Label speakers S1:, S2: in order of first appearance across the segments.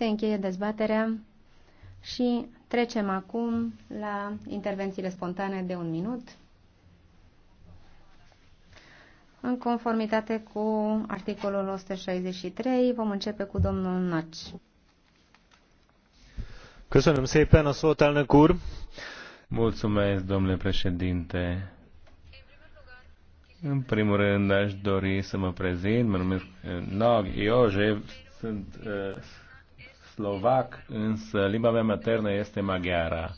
S1: se încheie dezbaterea și trecem acum la intervențiile spontane de un minut. În conformitate cu articolul 163, vom începe cu domnul Naci.
S2: să-i pe szót, al năcur. Mulțumesc, domnule președinte! În primul rând, aș dori să mă prezint. Mă numesc eh, Nog Iojev, sunt uh, slovac, însă limba mea maternă este maghiara.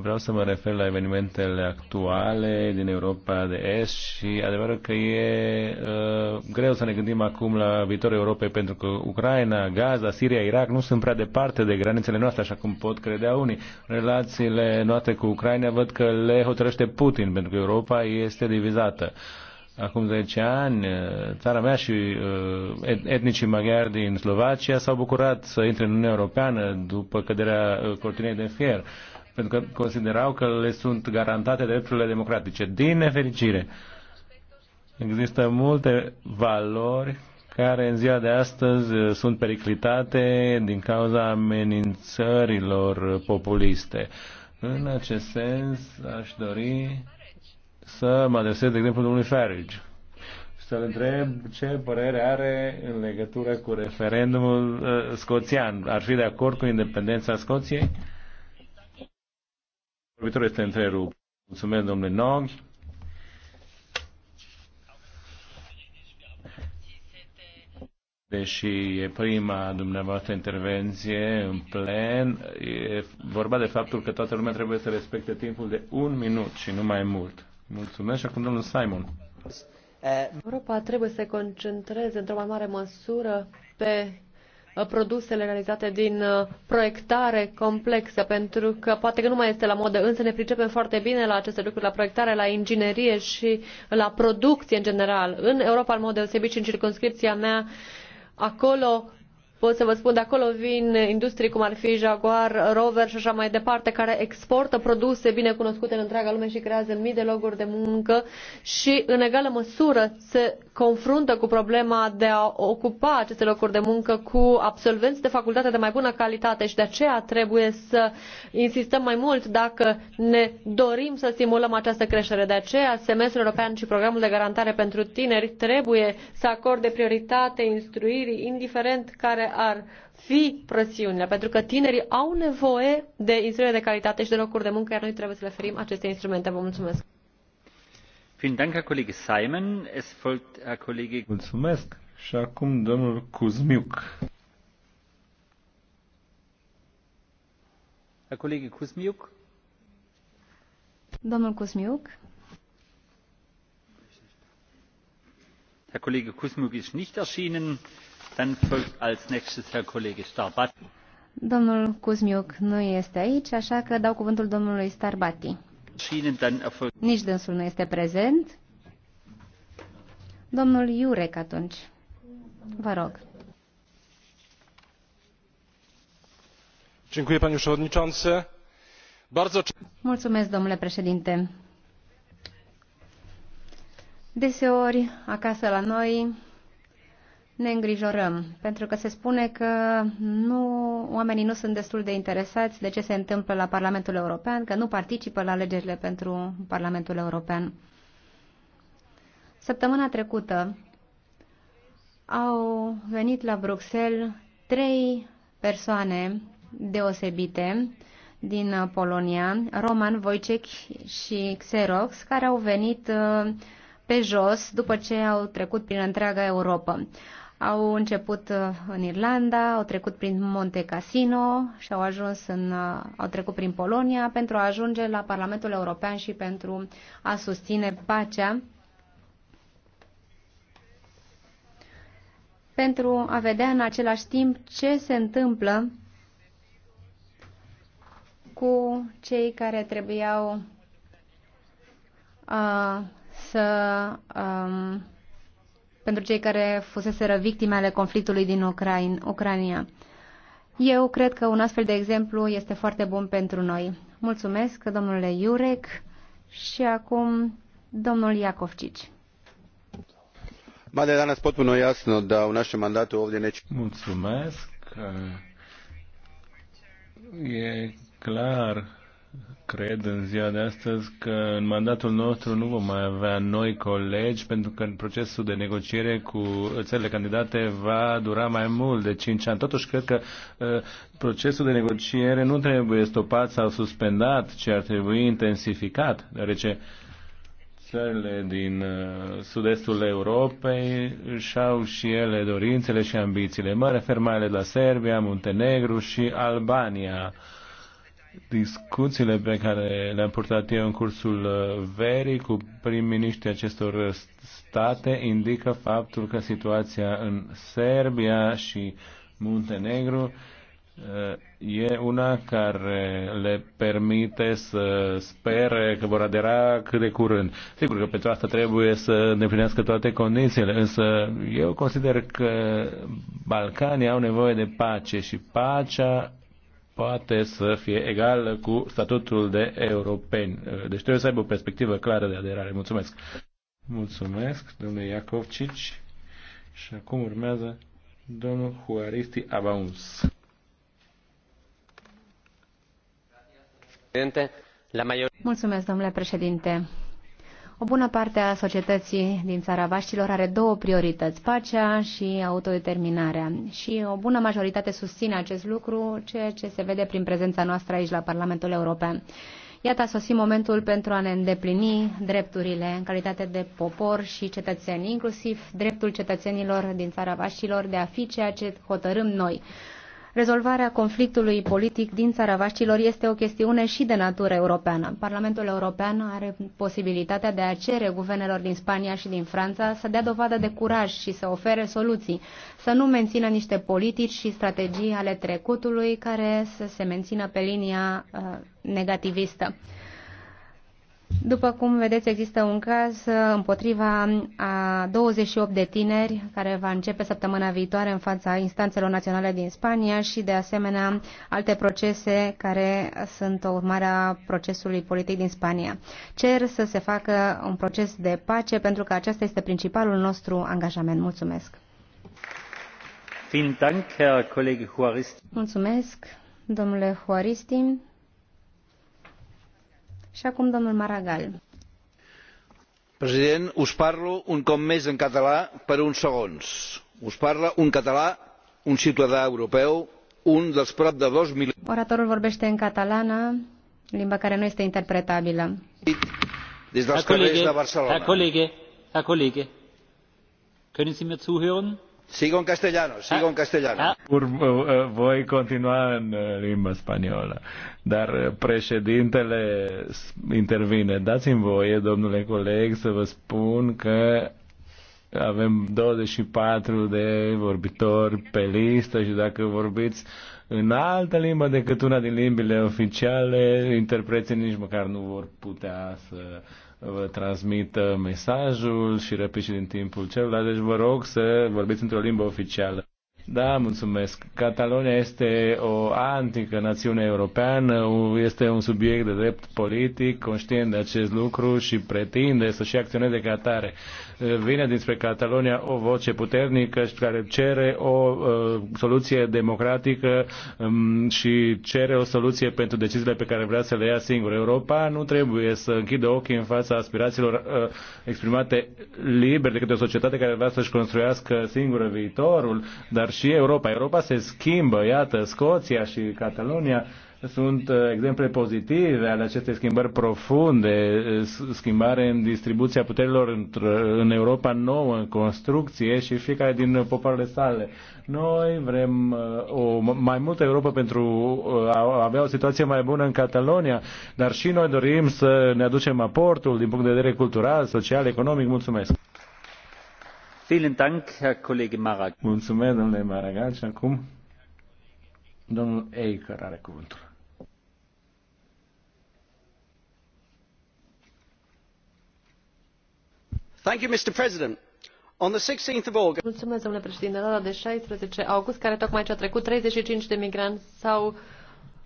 S2: Vreau să mă refer la evenimentele actuale din Europa de Est și adevărul că e uh, greu să ne gândim acum la viitorul Europei pentru că Ucraina, Gaza, Siria, Irak nu sunt prea departe de granițele noastre, așa cum pot credea unii. Relațiile noastre cu Ucraina văd că le hotărăște Putin pentru că Europa este divizată. Uh, acum 10 ani, uh, țara mea și uh, etnicii maghiari din Slovacia s-au bucurat să intre în Uniunea Europeană după căderea uh, cortinei de fier, pentru că considerau că le sunt garantate drepturile democratice. Din nefericire, există multe valori care în ziua de astăzi sunt periclitate din cauza amenințărilor populiste. În acest sens, aș dori să mă adresez, de exemplu, domnului Farage și să-l întreb ce părere are în legătură cu referendumul uh, scoțian. Ar fi de acord cu independența Scoției? Vorbitorul este întrerupt. Mulțumesc, domnule Nog. Deși e prima dumneavoastră intervenție în plen, e vorba de faptul că toată lumea trebuie să respecte timpul de un minut și nu mai mult. Mulțumesc. Și acum domnul Simon.
S3: Eh, Europa trebuie să se concentreze într-o mai mare măsură pe eh, produsele realizate din eh, proiectare complexă, pentru că poate că nu mai este la modă, însă ne pricepem foarte bine la aceste lucruri, la proiectare, la inginerie și la producție în general. În Europa, în mod deosebit și în circunscripția mea, acolo pot să vă spun, de acolo vin industrii cum ar fi Jaguar, Rover și așa mai departe, care exportă produse bine cunoscute în întreaga lume și creează mii de locuri de muncă și în egală măsură se confruntă cu problema de a ocupa aceste locuri de muncă cu absolvenți de facultate de mai bună calitate și de aceea trebuie să insistăm mai mult dacă ne dorim să stimulăm această creștere. De aceea, semestrul european și programul de garantare pentru tineri trebuie să acorde prioritate instruirii, indiferent care ar fi presiunile, pentru că tinerii au nevoie de instruire de calitate și de locuri de muncă, iar noi trebuie să le oferim aceste instrumente. Vă mulțumesc!
S2: Mulțumesc. Și acum domnul Kuzmiuk.
S4: Kuzmiuk.
S1: Domnul Kuzmiuk.
S4: Herr Kollege ist nicht erschienen. Dann folgt als nächstes Herr Kollege
S1: Domnul Kuzmiuk nu este aici, așa că dau cuvântul domnului Starbati. Nici dânsul nu este prezent. Domnul Iurec atunci. Vă rog. Mulțumesc, domnule președinte. Deseori, acasă la noi, ne îngrijorăm, pentru că se spune că nu, oamenii nu sunt destul de interesați de ce se întâmplă la Parlamentul European, că nu participă la alegerile pentru Parlamentul European. Săptămâna trecută au venit la Bruxelles trei persoane deosebite din Polonia, Roman Wojciech și Xerox, care au venit uh, pe jos după ce au trecut prin întreaga Europa au început uh, în Irlanda, au trecut prin Monte Cassino și au ajuns în, uh, au trecut prin Polonia pentru a ajunge la Parlamentul European și pentru a susține pacea. pentru a vedea în același timp ce se întâmplă cu cei care trebuiau uh, să uh, pentru cei care fuseseră victime ale conflictului din Ucrain, Ucraina. Eu cred că un astfel de exemplu este foarte bun pentru noi. Mulțumesc, domnule Iurec, și acum domnul Iacovcici.
S2: Da Mulțumesc. E clar cred în ziua de astăzi că în mandatul nostru nu vom mai avea noi colegi pentru că procesul de negociere cu țările candidate va dura mai mult de 5 ani. Totuși cred că uh, procesul de negociere nu trebuie stopat sau suspendat, ci ar trebui intensificat, deoarece țările din uh, sud-estul Europei își au și ele dorințele și ambițiile. Mă refer mai ales la Serbia, Muntenegru și Albania discuțiile pe care le-am purtat eu în cursul uh, verii cu prim-miniștrii acestor uh, state indică faptul că situația în Serbia și Muntenegru uh, e una care le permite să spere că vor adera cât de curând. Sigur că pentru asta trebuie să îndeplinească toate condițiile, însă eu consider că Balcanii au nevoie de pace și pacea poate să fie egal cu statutul de europeni. Deci trebuie să aibă o perspectivă clară de aderare. Mulțumesc! Mulțumesc, domnule Iacovcici. Și acum urmează domnul Juaristi Abauns.
S1: Mulțumesc, domnule președinte o bună parte a societății din țara Vaștilor are două priorități, pacea și autodeterminarea. Și o bună majoritate susține acest lucru, ceea ce se vede prin prezența noastră aici la Parlamentul European. Iată a sosit momentul pentru a ne îndeplini drepturile în calitate de popor și cetățeni, inclusiv dreptul cetățenilor din țara Vaștilor de a fi ceea ce hotărâm noi Rezolvarea conflictului politic din țara vaștilor este o chestiune și de natură europeană. Parlamentul European are posibilitatea de a cere guvernelor din Spania și din Franța să dea dovadă de curaj și să ofere soluții, să nu mențină niște politici și strategii ale trecutului care să se mențină pe linia uh, negativistă. După cum vedeți, există un caz uh, împotriva a 28 de tineri care va începe săptămâna viitoare în fața instanțelor naționale din Spania și, de asemenea, alte procese care sunt o urmare a procesului politic din Spania. Cer să se facă un proces de pace pentru că acesta este principalul nostru angajament. Mulțumesc! Mulțumesc, domnule Huaristi. Și acum domnul Maragall.
S4: President, us
S5: parlo un cop més en català per uns segons. Us parla un català, un ciutadà europeu, un dels prop de dos mil...
S1: Oratorul vorbește în catalană, limba care nu este interpretabilă.
S4: Des dels carrers de Barcelona. Herr Kollege, Herr Kollege, können Sie mir zuhören? Sigo în castellano, sigo în castellano. Ah,
S2: ah. Uh, uh, voi continua în uh, limba spaniolă, dar președintele intervine. Dați-mi voie, domnule coleg, să vă spun că avem 24 de vorbitori pe listă și dacă vorbiți în altă limbă decât una din limbile oficiale, interpreții nici măcar nu vor putea să vă transmit uh, mesajul și răpiți din timpul celuilalt, deci vă rog să vorbiți într-o limbă oficială. Da, mulțumesc. Catalonia este o antică națiune europeană, este un subiect de drept politic, conștient de acest lucru și pretinde să și acționeze ca atare vine dinspre Catalonia o voce puternică și care cere o uh, soluție democratică um, și cere o soluție pentru deciziile pe care vrea să le ia singur. Europa nu trebuie să închidă ochii în fața aspirațiilor uh, exprimate liber de către o societate care vrea să-și construiască singură viitorul, dar și Europa. Europa se schimbă, iată, Scoția și Catalonia sunt uh, exemple pozitive ale acestei schimbări profunde, uh, schimbare în distribuția puterilor în Europa nouă, în construcție și fiecare din popoarele sale. Noi vrem uh, o, mai multă Europa pentru a avea o situație mai bună în Catalonia, dar și noi dorim să ne aducem aportul din punct de vedere cultural, social, economic. Mulțumesc!
S4: Mulțumesc, domnule Maragall. Și
S2: acum, domnul Eicher are cuvântul.
S3: mr president on sixteen august. domnule președinte. La data de 16 august, care tocmai ce a trecut, 35 de migranți s-au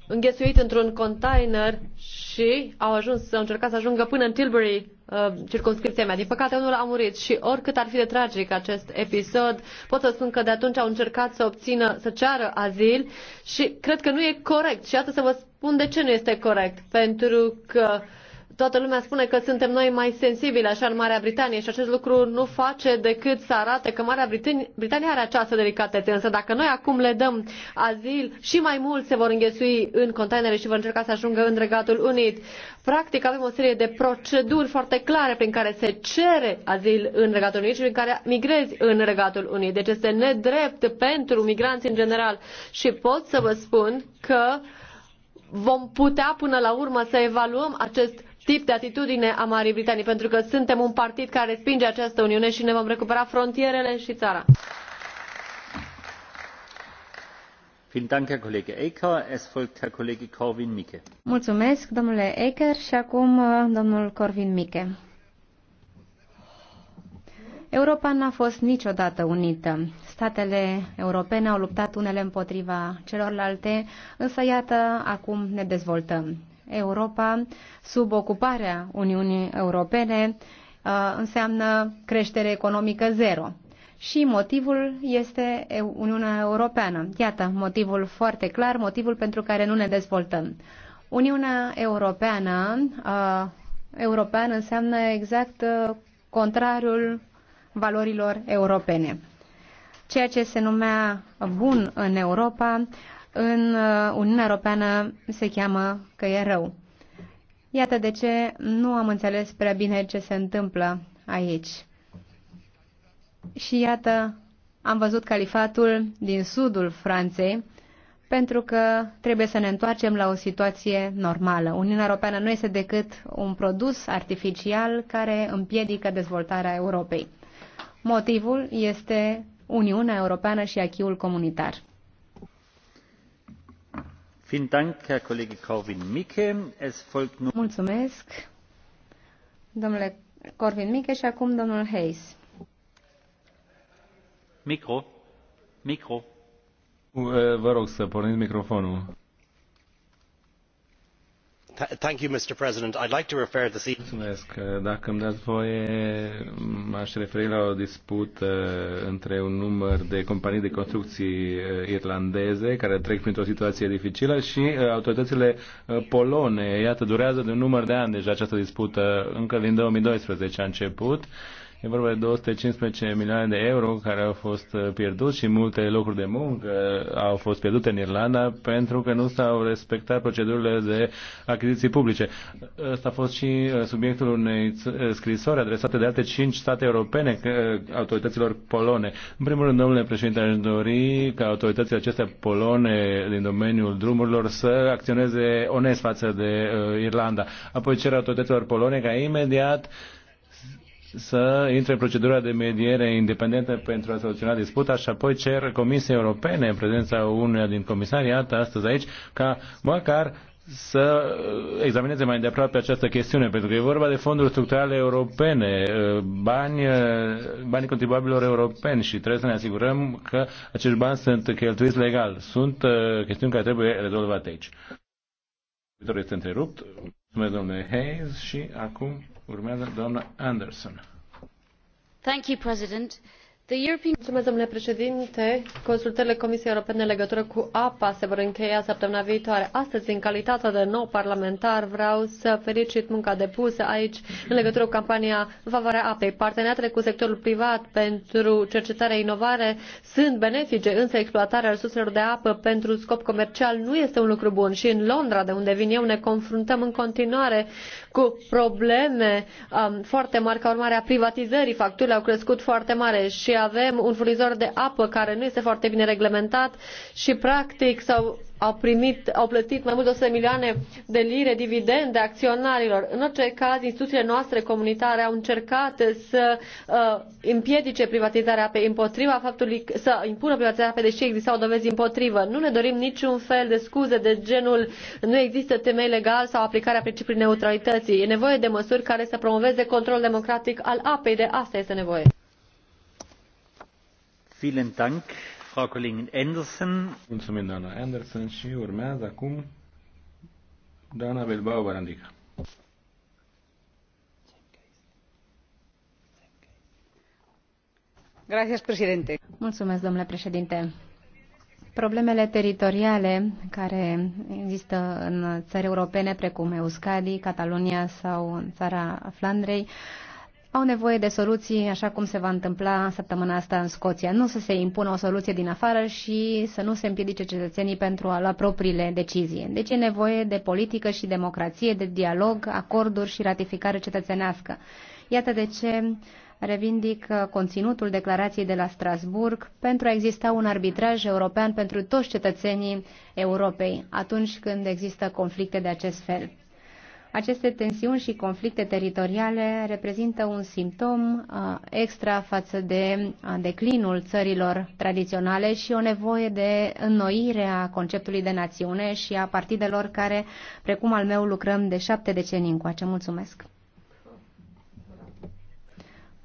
S3: înghesuit într-un container și au ajuns, încercat să ajungă până în Tilbury, uh, circumscripția mea. Din păcate, unul a murit și oricât ar fi de tragic acest episod, pot să spun că de atunci au încercat să obțină, să ceară azil și cred că nu e corect. Și asta să vă spun de ce nu este corect. Pentru că uh, toată lumea spune că suntem noi mai sensibili așa în Marea Britanie și acest lucru nu face decât să arate că Marea Britanie are această delicatețe. Însă dacă noi acum le dăm azil și mai mult se vor înghesui în containere și vor încerca să ajungă în Regatul Unit. Practic avem o serie de proceduri foarte clare prin care se cere azil în Regatul Unit și prin care migrezi în Regatul Unit. Deci este nedrept pentru migranți în general și pot să vă spun că vom putea până la urmă să evaluăm acest tip de atitudine a Marii Britanii, pentru că suntem un partid care respinge această Uniune și ne vom recupera frontierele și țara.
S1: Mulțumesc, domnule Ecker, și acum uh, domnul Corvin Miche. Europa n-a fost niciodată unită. Statele europene au luptat unele împotriva celorlalte, însă iată, acum ne dezvoltăm. Europa sub ocuparea Uniunii Europene uh, înseamnă creștere economică zero. Și motivul este Uniunea Europeană. Iată, motivul foarte clar, motivul pentru care nu ne dezvoltăm. Uniunea Europeană, uh, european înseamnă exact uh, contrariul valorilor europene. Ceea ce se numea bun în Europa în uh, Uniunea Europeană se cheamă că e rău. Iată de ce nu am înțeles prea bine ce se întâmplă aici. Și iată, am văzut califatul din sudul Franței, pentru că trebuie să ne întoarcem la o situație normală. Uniunea Europeană nu este decât un produs artificial care împiedică dezvoltarea Europei. Motivul este Uniunea Europeană și achiul comunitar.
S4: Mulțumesc,
S1: domnule Corvin Miche și acum domnul Hayes.
S4: Micro. Micro.
S2: Uh, vă rog să porniți microfonul.
S4: Thank you, Mr. President. I'd like to refer this
S2: evening. Mulțumesc. Dacă îmi dați voie, aș referi la o dispută între un număr de companii de construcții eh, irlandeze care trec printr-o situație dificilă și eh, autoritățile eh, polone. Iată, durează de un număr de ani deja această dispută, încă din 2012 a început E vorba de 215 milioane de euro care au fost uh, pierduți și multe locuri de muncă uh, au fost pierdute în Irlanda pentru că nu s-au respectat procedurile de achiziții publice. Ăsta a fost și uh, subiectul unei scrisori adresate de alte cinci state europene autorităților polone. În primul rând, domnule președinte, aș dori ca autoritățile acestea polone din domeniul drumurilor să acționeze onest față de Irlanda. Apoi cer autorităților polone ca imediat să intre în procedura de mediere independentă pentru a soluționa disputa și apoi cer Comisiei Europene, în prezența unuia din comisari, iată astăzi aici, ca măcar să examineze mai îndeaproape această chestiune, pentru că e vorba de fonduri structurale europene, bani, banii contribuabilor europeni și trebuie să ne asigurăm că acești bani sunt cheltuiți legal. Sunt uh, chestiuni care trebuie rezolvate aici. este întrerupt. Mulțumesc, domnule Hayes, și acum Urmează doamna Anderson.
S3: Thank you, domnule președinte consultările comisiei europene în legătură cu apa se vor încheia săptămâna viitoare. astăzi în calitate de nou parlamentar vreau să felicit munca depusă aici în legătură cu campania în favoarea apei. parteneriatele cu sectorul privat pentru cercetare inovare sunt benefice însă exploatarea resurselor de apă pentru scop comercial nu este un lucru bun și în londra de unde vin eu ne confruntăm în continuare cu probleme um, foarte mari ca urmare a privatizării facturile au crescut foarte mare și avem un furnizor de apă care nu este foarte bine reglementat și practic s-au au, primit, au plătit mai mult de 100 milioane de lire dividende acționarilor. În orice caz, instituțiile noastre comunitare au încercat să uh, împiedice privatizarea apei împotriva faptului să impună privatizarea apei, deși existau dovezi împotrivă. Nu ne dorim niciun fel de scuze de genul nu există temei legal sau aplicarea principiului neutralității. E nevoie de măsuri care să promoveze controlul democratic al apei. De asta este nevoie.
S2: Mulțumim, doamna Anderson. Și urmează acum dana Bilbao Barandica.
S1: Mulțumesc, domnule președinte. Problemele teritoriale care există în țări europene, precum Euskadi, Catalonia sau în țara Flandrei, uh, au nevoie de soluții, așa cum se va întâmpla săptămâna asta în Scoția. Nu să se impună o soluție din afară și să nu se împiedice cetățenii pentru a lua propriile decizii. Deci e nevoie de politică și democrație, de dialog, acorduri și ratificare cetățenească. Iată de ce revindic uh, conținutul declarației de la Strasburg pentru a exista un arbitraj european pentru toți cetățenii Europei atunci când există conflicte de acest fel. Aceste tensiuni și conflicte teritoriale reprezintă un simptom uh, extra față de uh, declinul țărilor tradiționale și o nevoie de înnoire a conceptului de națiune și a partidelor care, precum al meu, lucrăm de șapte decenii încoace. Mulțumesc!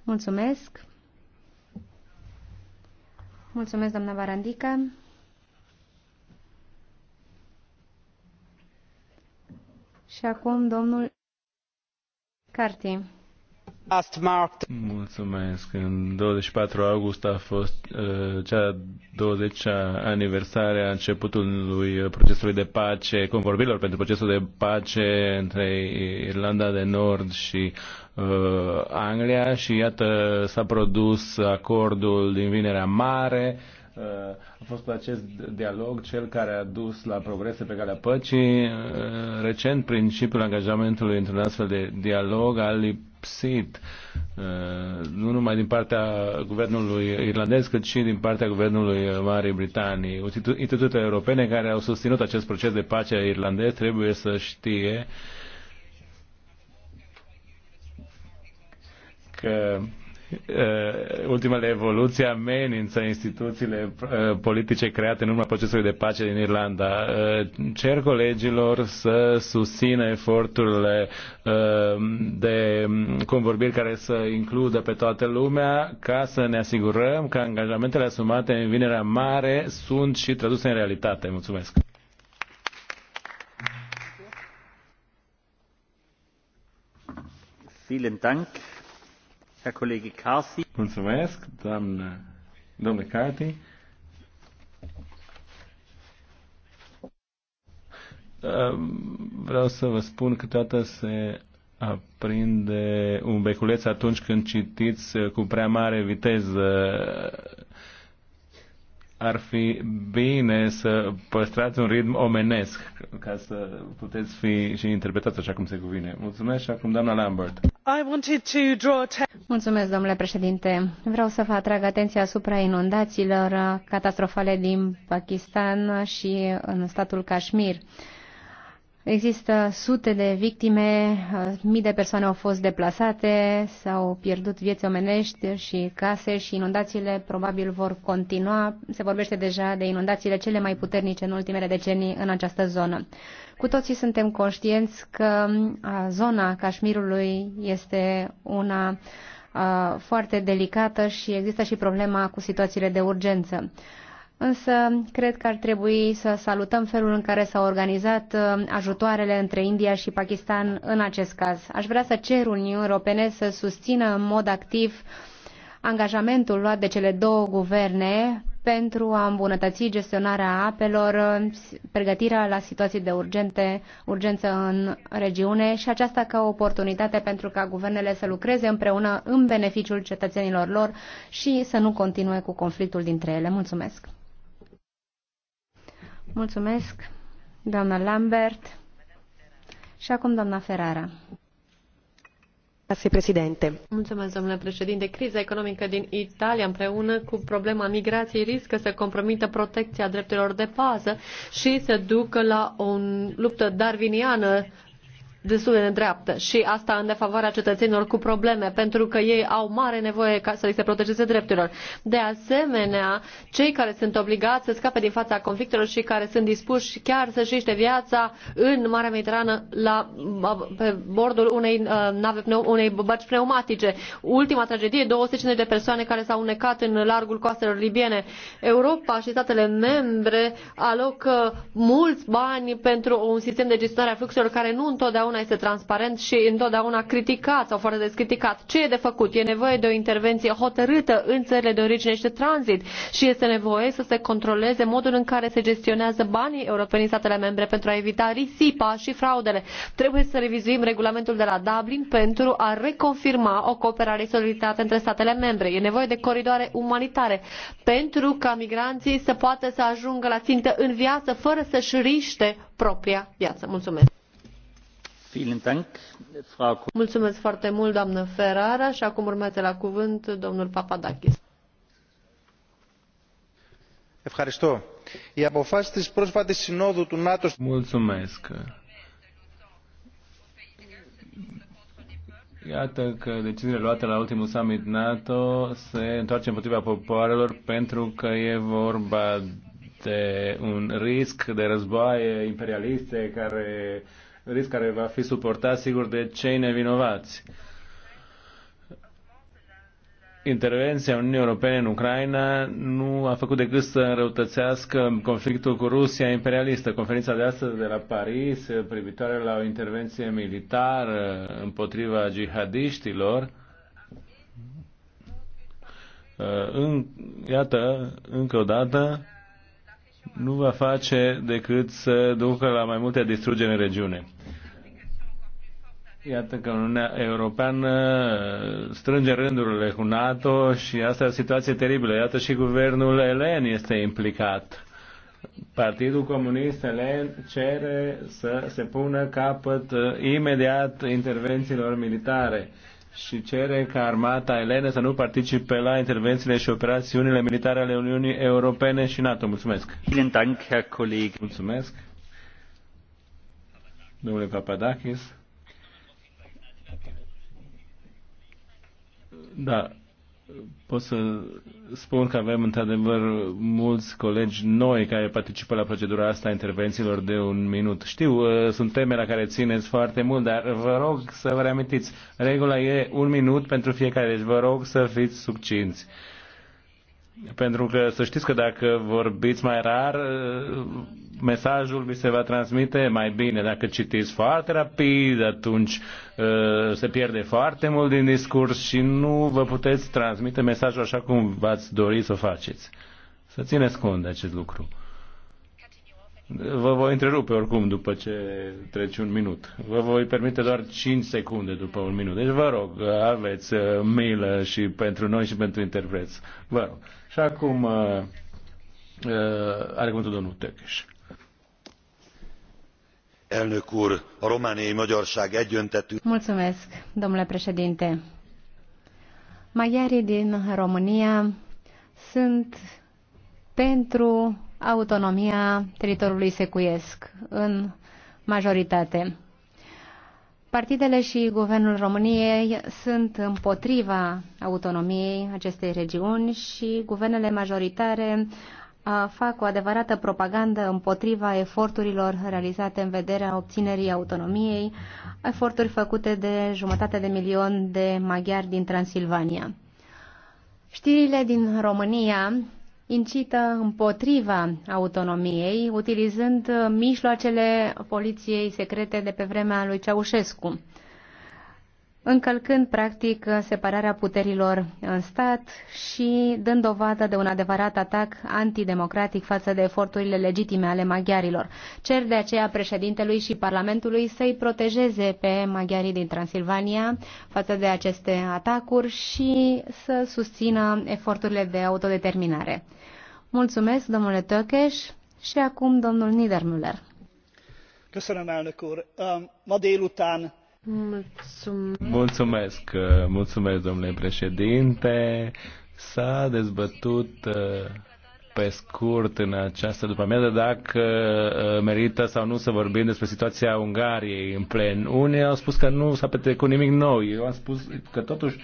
S1: Mulțumesc! Mulțumesc, doamna Barandica. Și acum domnul Carti.
S2: Mulțumesc. În 24 august a fost uh, cea 20-a aniversare a începutului uh, procesului de pace, convorbirilor pentru procesul de pace între Irlanda de Nord și uh, Anglia și iată s-a produs acordul din Vinerea Mare a fost acest dialog cel care a dus la progrese pe calea păcii. Uh, recent, principiul angajamentului într-un astfel de dialog a lipsit uh, nu numai din partea guvernului irlandez, cât și din partea guvernului Marii Britanii. Institutele europene care au susținut acest proces de pace irlandez trebuie să știe că Eh, ultimele evoluții amenință instituțiile eh, politice create în urma procesului de pace din Irlanda. Eh, cer colegilor să susțină eforturile de convorbiri care să includă pe toată lumea ca să ne asigurăm că angajamentele asumate în vinerea mare sunt și traduse în realitate. Mulțumesc! Vielen Dank. Mulțumesc, doamnă, domnule Carty. Uh, vreau să vă spun că toată se aprinde un beculeț atunci când citiți cu prea mare viteză. Ar fi bine să păstrați un ritm omenesc ca să puteți fi și interpretați așa cum se cuvine. Mulțumesc și acum doamna Lambert.
S1: Mulțumesc, domnule președinte. Vreau să vă atrag atenția asupra inundațiilor catastrofale din Pakistan și în statul Kashmir. Există sute de victime, mii de persoane au fost deplasate, s-au pierdut vieți omenești și case și inundațiile probabil vor continua. Se vorbește deja de inundațiile cele mai puternice în ultimele decenii în această zonă. Cu toții suntem conștienți că zona Cașmirului este una foarte delicată și există și problema cu situațiile de urgență însă cred că ar trebui să salutăm felul în care s-au organizat uh, ajutoarele între India și Pakistan în acest caz. Aș vrea să cer Uniunii Europene să susțină în mod activ angajamentul luat de cele două guverne pentru a îmbunătăți gestionarea apelor, pregătirea la situații de urgente, urgență în regiune și aceasta ca o oportunitate pentru ca guvernele să lucreze împreună în beneficiul cetățenilor lor și să nu continue cu conflictul dintre ele. Mulțumesc! Mulțumesc, doamna Lambert. Și acum doamna Ferrara. Mulțumesc, domnule președinte criza
S3: economică din italia împreună cu problema migrației riscă să compromită protecția drepturilor de bază și să ducă la o luptă darwiniană destul de nedreaptă și asta în defavoarea cetățenilor cu probleme, pentru că ei au mare nevoie ca să li se protejeze drepturilor. De asemenea, cei care sunt obligați să scape din fața conflictelor și care sunt dispuși chiar să-și iște viața în Marea Mediterană la, pe bordul unei, uh, nave, unei bărci pneumatice. Ultima tragedie, 250 de persoane care s-au unecat în largul coastelor libiene. Europa și statele membre alocă mulți bani pentru un sistem de gestionare a fluxurilor care nu întotdeauna întotdeauna este transparent și întotdeauna criticat sau foarte des criticat. Ce e de făcut? E nevoie de o intervenție hotărâtă în țările de origine și de tranzit și este nevoie să se controleze modul în care se gestionează banii europeni în statele membre pentru a evita risipa și fraudele. Trebuie să revizuim regulamentul de la Dublin pentru a reconfirma o cooperare solidaritate între statele membre. E nevoie de coridoare umanitare pentru ca migranții să poată să ajungă la țintă în viață fără să-și riște propria viață. Mulțumesc! Mulțumesc foarte mult, doamnă Ferrara, și acum urmează la cuvânt domnul Papadakis.
S2: Mulțumesc. Iată că deciziile luate la ultimul summit NATO se întoarce împotriva popoarelor pentru că e vorba de un risc de războaie imperialiste care risc care va fi suportat, sigur, de cei nevinovați. Intervenția Uniunii Europene în Ucraina nu a făcut decât să înrăutățească conflictul cu Rusia imperialistă. Conferința de astăzi de la Paris, privitoare la o intervenție militară împotriva jihadiștilor, uh, în, iată, încă o dată, nu va face decât să ducă la mai multe distrugeri în regiune. Iată că Uniunea Europeană uh, strânge rândurile cu NATO și asta e o situație teribilă. Iată și guvernul elen este implicat. Partidul Comunist Elen cere să se pună capăt uh, imediat intervențiilor militare și cere ca armata elenă să nu participe la intervențiile și operațiunile militare ale Uniunii Europene și NATO. Mulțumesc! Mulțumesc! Domnule Papadakis. Da, pot să spun că avem într-adevăr mulți colegi noi care participă la procedura asta a intervențiilor de un minut. Știu, uh, sunt teme la care țineți foarte mult, dar vă rog să vă reamintiți. Regula e un minut pentru fiecare, deci vă rog să fiți succinți. Pentru că să știți că dacă vorbiți mai rar, uh, mesajul vi se va transmite mai bine. Dacă citiți foarte rapid, atunci uh, se pierde foarte mult din discurs și nu vă puteți transmite mesajul așa cum v-ați dori să o faceți. Să țineți cont de acest lucru. Vă voi întrerupe oricum după ce treci un minut. Vă voi permite doar 5 secunde după un minut. Deci vă rog, aveți uh, milă și pentru noi și pentru interpreți. Vă rog. Și acum uh, uh, are cuvântul domnul Tăcăș.
S5: Elnök úr, a romániai magyarság egyöntetű...
S1: Mulțumesc, domnule președinte. Maghiarii din România sunt pentru autonomia teritoriului secuiesc în majoritate. Partidele și guvernul României sunt împotriva autonomiei acestei regiuni și guvernele majoritare fac o adevărată propagandă împotriva eforturilor realizate în vederea obținerii autonomiei, eforturi făcute de jumătate de milion de maghiari din Transilvania. Știrile din România incită împotriva autonomiei, utilizând uh, mijloacele poliției secrete de pe vremea lui Ceaușescu, încălcând practic separarea puterilor în stat și dând dovadă de un adevărat atac antidemocratic față de eforturile legitime ale maghiarilor. Cer de aceea președintelui și Parlamentului să-i protejeze pe maghiarii din Transilvania față de aceste atacuri și să susțină eforturile de autodeterminare. Mulțumesc, domnule Tökes, și acum domnul Niedermüller.
S5: Köszönöm, elnök úr. Ma délután
S1: Mulțumesc.
S2: mulțumesc, mulțumesc domnule președinte. S-a dezbătut pe scurt în această după amiază dacă merită sau nu să vorbim despre situația Ungariei în plen. Unii au spus că nu s-a petrecut nimic nou. Eu am spus că totuși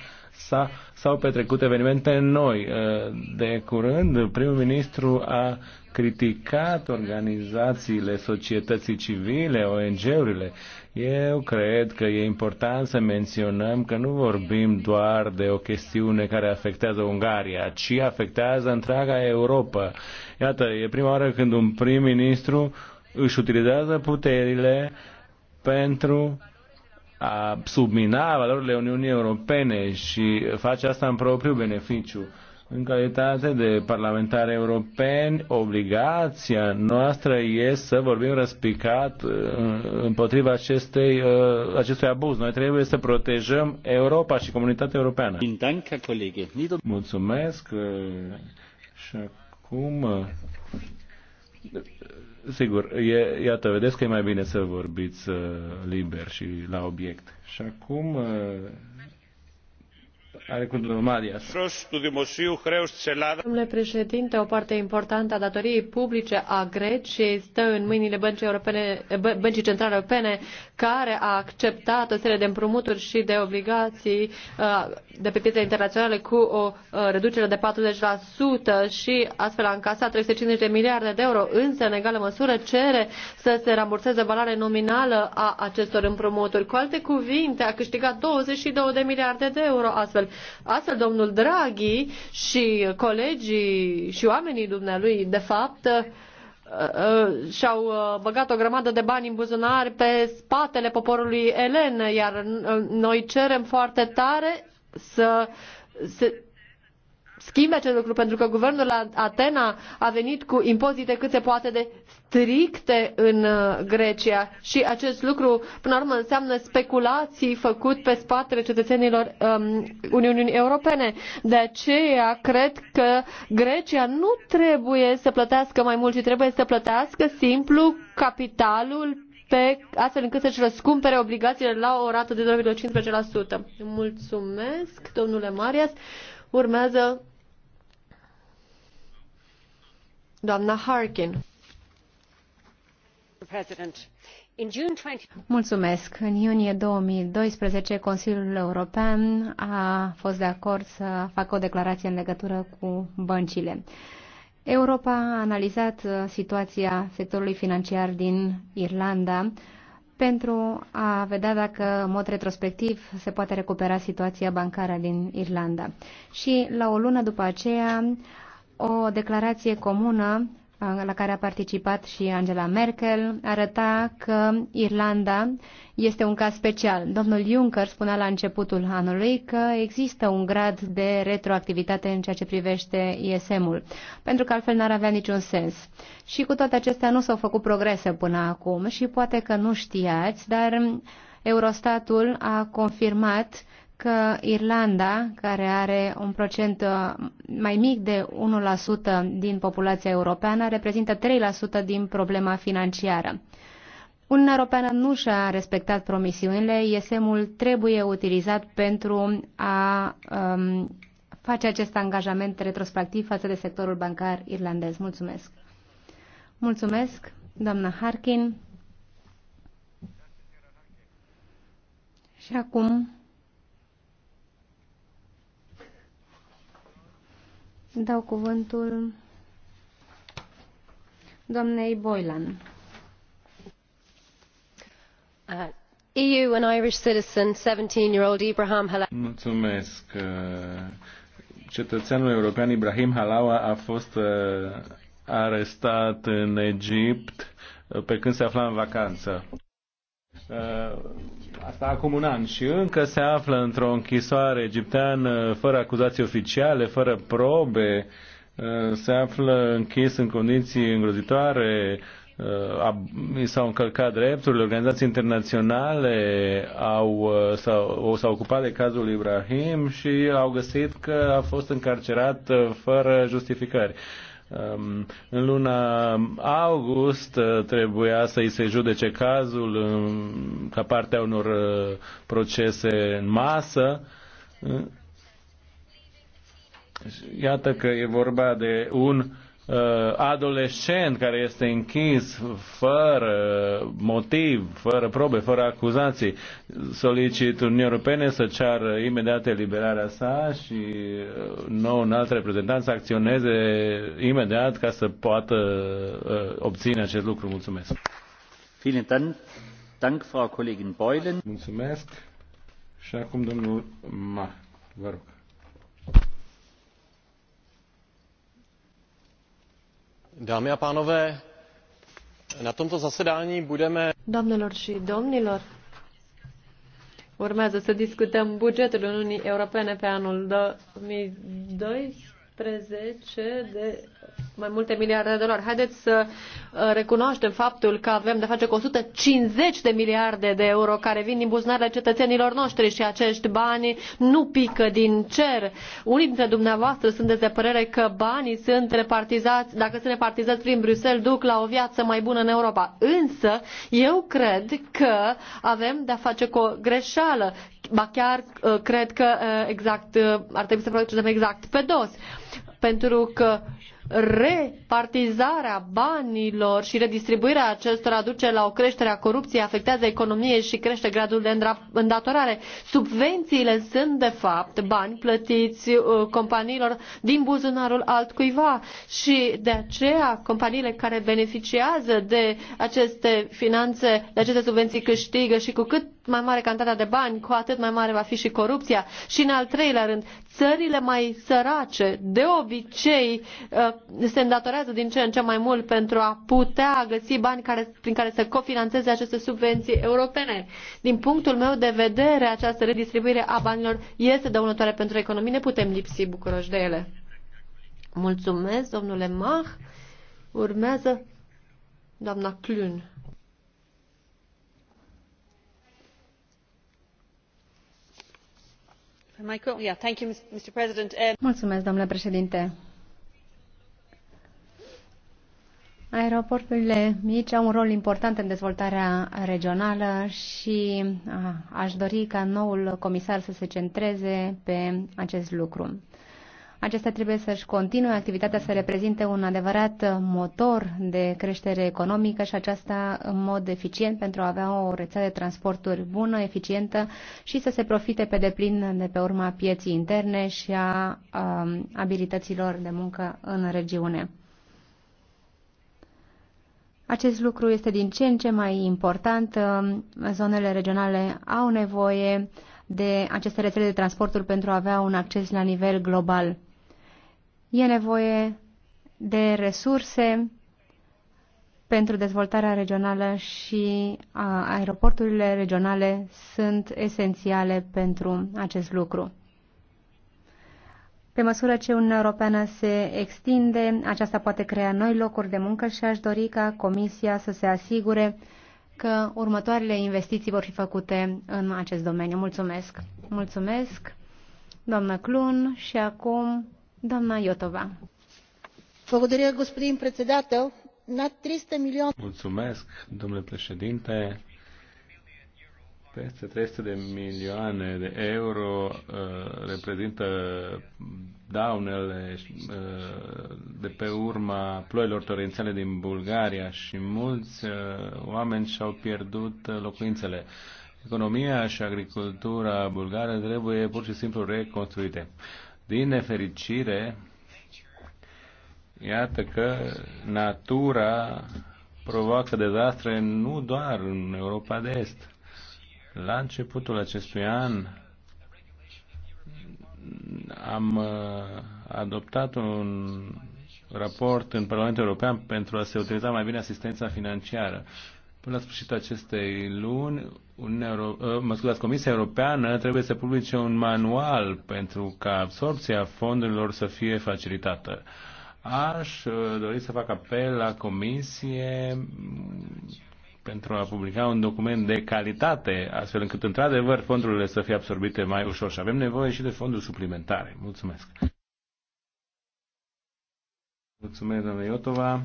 S2: s-au petrecut evenimente noi. Uh, de curând, primul ministru a criticat organizațiile societății civile, ONG-urile. Eu cred că e important să menționăm că nu vorbim doar de o chestiune care afectează Ungaria, ci afectează întreaga Europa. Iată, e prima oară când un prim-ministru își utilizează puterile pentru a submina valorile Uniunii Europene și face asta în propriu beneficiu. În calitate de parlamentari europeni, obligația noastră e să vorbim răspicat uh, împotriva acestei, uh, acestui abuz. Noi trebuie să protejăm Europa și comunitatea europeană. Mulțumesc uh, și acum Sigur, e, iată, vedeți că e mai bine să vorbiți uh, liber și la obiect. Și acum uh,
S3: Domnule președinte, o parte importantă a datoriei publice a Greciei stă în mâinile Băncii, Europene, Băncii Centrale Europene, care a acceptat o serie de împrumuturi și de obligații uh, de pe piețe internaționale cu o uh, reducere de 40% și astfel a încasat 350 de miliarde de euro, însă în egală măsură cere să se ramburseze valoare nominală a acestor împrumuturi. Cu alte cuvinte, a câștigat 22 de miliarde de euro astfel. Astfel, domnul Draghi și colegii și oamenii dumnealui, de fapt, uh, uh, și-au uh, băgat o grămadă de bani în buzunar pe spatele poporului elen, iar noi cerem foarte tare să schimbe acest lucru, pentru că guvernul la Atena a venit cu impozite cât se poate de stricte în uh, Grecia și acest lucru, până la urmă, înseamnă speculații făcute pe spatele cetățenilor um, Uniunii Europene. De aceea, cred că Grecia nu trebuie să plătească mai mult, ci trebuie să plătească simplu capitalul pe, astfel încât să-și răscumpere obligațiile la o rată de 2,15%. Mulțumesc, domnule Marias. Urmează în iunie două
S1: Mulțumesc. În iunie 2012, Consiliul European a fost de acord să facă o declarație în legătură cu băncile. Europa a analizat uh, situația sectorului financiar din Irlanda pentru a vedea dacă, în mod retrospectiv, se poate recupera situația bancară din Irlanda. Și, la o lună după aceea, o declarație comună uh, la care a participat și Angela Merkel, arăta că Irlanda este un caz special. Domnul Juncker spunea la începutul anului că există un grad de retroactivitate în ceea ce privește ISM-ul, pentru că altfel n-ar avea niciun sens. Și cu toate acestea nu s-au făcut progrese până acum și poate că nu știați, dar Eurostatul a confirmat că Irlanda, care are un procent uh, mai mic de 1% din populația europeană, reprezintă 3% din problema financiară. Uniunea Europeană nu și-a respectat promisiunile, ism ul trebuie utilizat pentru a um, face acest angajament retrospectiv față de sectorul bancar irlandez. Mulțumesc! Mulțumesc, doamna Harkin. Și acum Dau cuvântul doamnei Boylan. Uh, EU and Irish citizen, 17-year-old Ibrahim Halal.
S2: Mulțumesc. Uh, cetățeanul european Ibrahim Halawa a fost uh, arestat în Egipt uh, pe când se afla în vacanță Asta acum un an și încă se află într-o închisoare egipteană fără acuzații oficiale, fără probe, uh, se află închis în condiții îngrozitoare, uh, i s-au încălcat drepturile, organizații internaționale au, uh, s-au, s-au ocupat de cazul Ibrahim și au găsit că a fost încarcerat fără justificări. Um, în luna august uh, trebuia să îi se judece cazul um, ca partea unor uh, procese în masă. Uh, iată că e vorba de un uh, Uh, adolescent care este închis fără motiv, fără probe, fără acuzații. Solicit Uniunii Europene să ceară imediat eliberarea sa și uh, nou un alt reprezentant să acționeze imediat ca să poată uh, obține acest lucru. Mulțumesc.
S4: Vielen Dank, Frau Kollegin Beulen. Mulțumesc.
S2: Și acum domnul Ma, vă rog. Dámy a pánové,
S4: na tomto zasedání budeme...
S3: Doamnelor și domnilor, urmează să discutăm bugetul Uniunii Europene pe anul 2012 de mai multe miliarde de dolari. Haideți să uh, recunoaștem faptul că avem de face cu 150 de miliarde de euro care vin din buzunarele cetățenilor noștri și acești bani nu pică din cer. Unii dintre dumneavoastră sunt de părere că banii sunt repartizați, dacă sunt repartizați prin Bruxelles, duc la o viață mai bună în Europa. Însă, eu cred că avem de a face cu o greșeală. Ba chiar uh, cred că uh, exact, ar trebui să producem exact pe dos. Pentru că repartizarea banilor și redistribuirea acestora duce la o creștere a corupției, afectează economie și crește gradul de îndatorare. Subvențiile sunt, de fapt, bani plătiți uh, companiilor din buzunarul altcuiva și de aceea companiile care beneficiază de aceste finanțe, de aceste subvenții câștigă și cu cât mai mare cantitatea de bani, cu atât mai mare va fi și corupția. Și în al treilea rând, țările mai sărace, de obicei, uh, se îndatorează din ce în ce mai mult pentru a putea găsi bani care, prin care să cofinanțeze aceste subvenții europene. Din punctul meu de vedere, această redistribuire a banilor este dăunătoare pentru economie. Ne putem lipsi bucuroși de ele. Mulțumesc, domnule Mach. Urmează doamna Clun. Uh,
S1: Mulțumesc, domnule președinte Aeroporturile mici au un rol important în dezvoltarea regională și aș dori ca noul comisar să se centreze pe acest lucru. Acestea trebuie să-și continue activitatea să reprezinte un adevărat motor de creștere economică și aceasta în mod eficient pentru a avea o rețea de transporturi bună, eficientă și să se profite pe deplin de pe urma pieții interne și a, a abilităților de muncă în regiune. Acest lucru este din ce în ce mai important. Zonele regionale au nevoie de aceste rețele de transporturi pentru a avea un acces la nivel global. E nevoie de resurse pentru dezvoltarea regională și aeroporturile regionale sunt esențiale pentru acest lucru. Pe măsură ce Uniunea Europeană se extinde, aceasta poate crea noi locuri de muncă și aș dori ca Comisia să se asigure că următoarele investiții vor fi făcute în acest domeniu. Mulțumesc! Mulțumesc, doamna Clun, și acum doamna Iotova.
S2: Mulțumesc, domnule președinte. Peste 300 de milioane de euro uh, reprezintă daunele uh, de pe urma ploilor torențiale din Bulgaria și mulți uh, oameni și-au pierdut uh, locuințele. Economia și agricultura bulgară trebuie pur și simplu reconstruite. Din nefericire, iată că natura provoacă dezastre nu doar în Europa de Est la începutul acestui an am uh, adoptat un raport în Parlamentul European pentru a se utiliza mai bine asistența financiară. Până la sfârșitul acestei luni, Uniunea Euro- uh, mă scuzați, Comisia Europeană trebuie să publice un manual pentru ca absorpția fondurilor să fie facilitată. Aș uh, dori să fac apel la Comisie pentru a publica un document de calitate, astfel încât, într-adevăr, fondurile să fie absorbite mai ușor și avem nevoie și de fonduri suplimentare. Mulțumesc! Mulțumesc, domnule Iotova.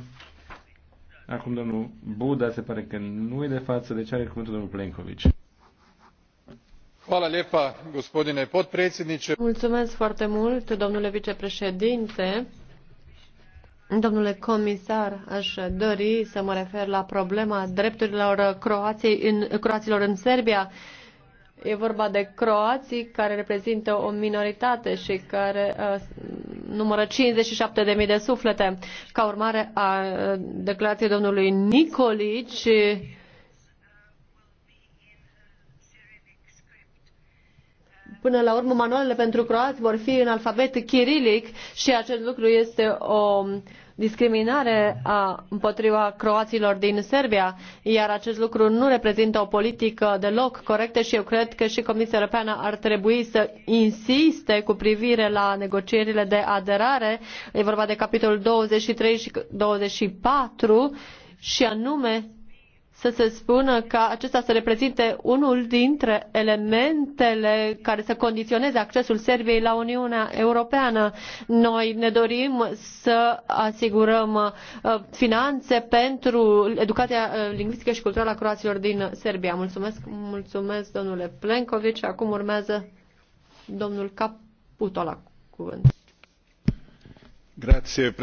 S2: Acum domnul Buda se pare că nu e de față, deci are cuvântul domnul Plenković.
S5: Hvala Lepa, gospodine potpredsjedniče.
S3: Mulțumesc foarte mult, domnule vicepreședinte. Domnule comisar, aș dori să mă refer la problema drepturilor croației în, croaților în Serbia. E vorba de croații care reprezintă o minoritate și care uh, numără 57.000 de suflete. Ca urmare a uh, declarației domnului Nicolici, Până la urmă, manualele pentru croați vor fi în alfabet chirilic și acest lucru este o discriminare a, împotriva croaților din Serbia, iar acest lucru nu reprezintă o politică deloc corectă și eu cred că și Comisia Europeană ar trebui să insiste cu privire la negocierile de aderare, e vorba de capitolul 23 și 24, și anume să se spună ca acesta să reprezinte unul dintre elementele care să condiționeze accesul Serbiei la Uniunea Europeană. Noi ne dorim să asigurăm uh, finanțe pentru educația uh, lingvistică și culturală a croaților din Serbia. Mulțumesc, mulțumesc domnule Plenković. Acum urmează domnul Caputo la cuvânt.
S2: Grazie,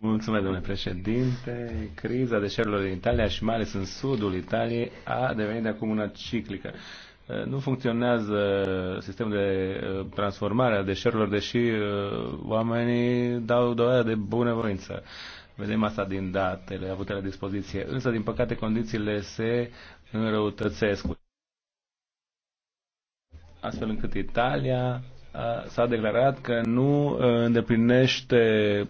S2: Mulțumesc, domnule președinte. Criza deșeurilor din Italia și mai ales în sudul Italiei a devenit acum una ciclică. Uh, nu funcționează sistemul de uh, transformare a deșeurilor, deși uh, oamenii dau dovadă de bunăvoință. Vedem asta din datele avute la dispoziție. Însă, din păcate, condițiile se înrăutățesc. Astfel încât Italia s-a declarat că nu uh, îndeplinește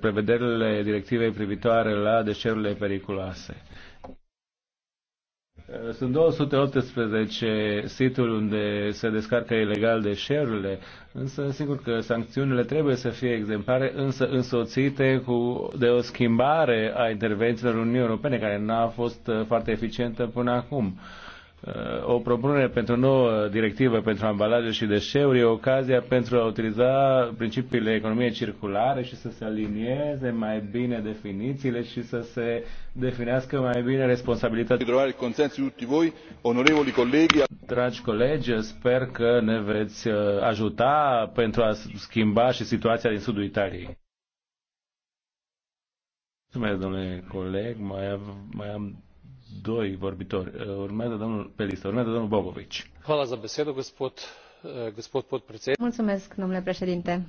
S2: prevederile directivei privitoare la deșeurile periculoase. Uh, sunt 218 situri unde se descarcă ilegal deșeurile, însă sigur că sancțiunile trebuie să fie exemplare, însă însoțite cu, de o schimbare a intervențiilor Uniunii Europene, care n-a fost uh, foarte eficientă până acum. Uh, o propunere pentru o nouă directivă pentru ambalaje și deșeuri e ocazia pentru a utiliza principiile economiei circulare și să se alinieze mai bine definițiile și să se definească mai bine responsabilitatea. voi, onorevoli Dragi colegi, sper că ne veți uh, ajuta pentru a schimba și situația din sudul Italiei. Mulțumesc, domnule coleg, mai mai am doi vorbitori. Uh, urmează domnul, pe listă, urmează domnul Bogovici. Hvala za besedo, gospod, uh, gospod podpredsednik.
S1: Mulțumesc, domnule președinte.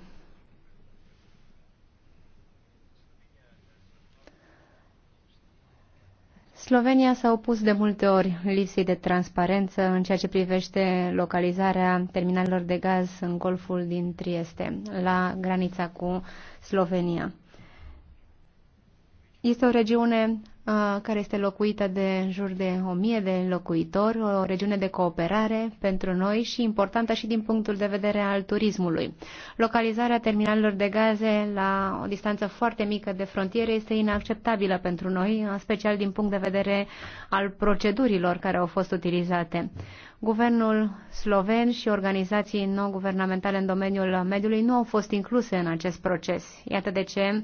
S1: Slovenia s-a opus de multe ori lipsei de transparență în ceea ce privește localizarea terminalelor de gaz în golful din Trieste, la granița cu Slovenia. Este o regiune care este locuită de în jur de 1000 de locuitori, o regiune de cooperare pentru noi și importantă și din punctul de vedere al turismului. Localizarea terminalelor de gaze la o distanță foarte mică de frontiere este inacceptabilă pentru noi, în special din punct de vedere al procedurilor care au fost utilizate. Guvernul sloven și organizații non-guvernamentale în domeniul mediului nu au fost incluse în acest proces. Iată de ce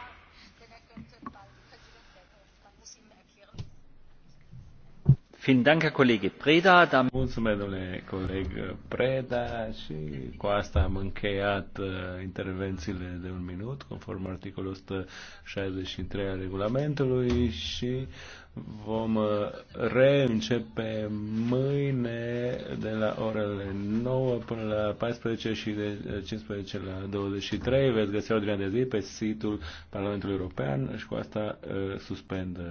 S2: Mulțumesc, domnule coleg Preda, și cu asta am încheiat uh, intervențiile de un minut, conform articolul 163 al regulamentului și vom uh, reîncepe mâine de la orele 9 până la 14 și de 15 uh, la 23. Veți găsi ordinea de zi pe site-ul Parlamentului European și cu asta suspend.